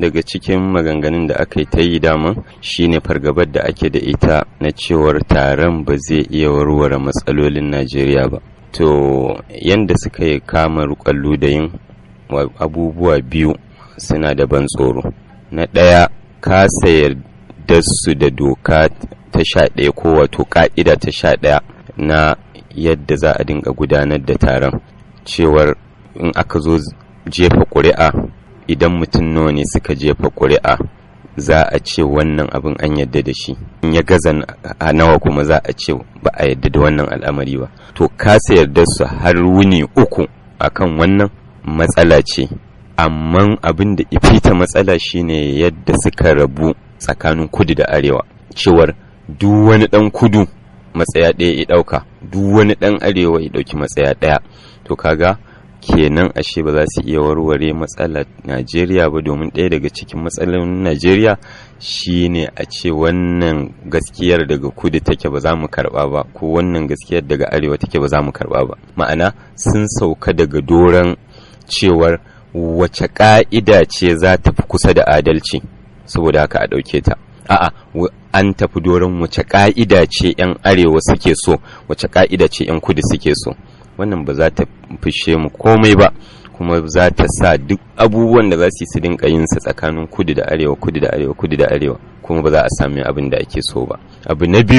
daga cikin maganganun da aka yi ta yi daman shine fargabar da ake da ita na cewar taron ba zai iya warware matsalolin najeriya ba to yadda suka yi kama kwallo da yin abubuwa biyu suna da ban tsoro na ɗaya kasa yarda su da doka ta sha ɗaya ko wato ka'ida ta sha ɗaya na yadda za a dinga gudanar da taron cewar in aka zo jefa ƙuri'a idan mutum nawa ne suka jefa ƙuri'a za a ce wannan abin an yadda da shi in ya gaza a nawa kuma za a ce ba a yadda da wannan al'amari ba to kasa yarda su har wuni uku akan wannan matsala ce amma abin da ifita matsala shine yadda suka rabu tsakanin kudu da arewa cewar duk wani dan kudu matsaya ɗaya ya ɗauka duk wani dan arewa ya ɗauki matsaya ɗaya to kaga kenan ashe ba za su iya warware matsalar najeriya ba domin ɗaya daga cikin matsalar najeriya shine a ce wannan gaskiyar daga kudu take ba za mu karba ba ko wannan gaskiyar daga arewa take ba za mu karba ba ma'ana sun sauka daga doron cewar wace ƙa'ida ce za ta fi kusa da adalci saboda haka a ɗauke ta a'a an tafi doron wace ƙa'ida ce 'yan arewa suke so wace ƙa'ida ce 'yan kudu suke so wannan ba za ta fishe mu komai ba kuma za ta sa duk abubuwan da za su yi su dinka yin sa tsakanin kudu da arewa kudu da arewa kudu da arewa kuma ba za a sami abin da ake so ba abu na biyu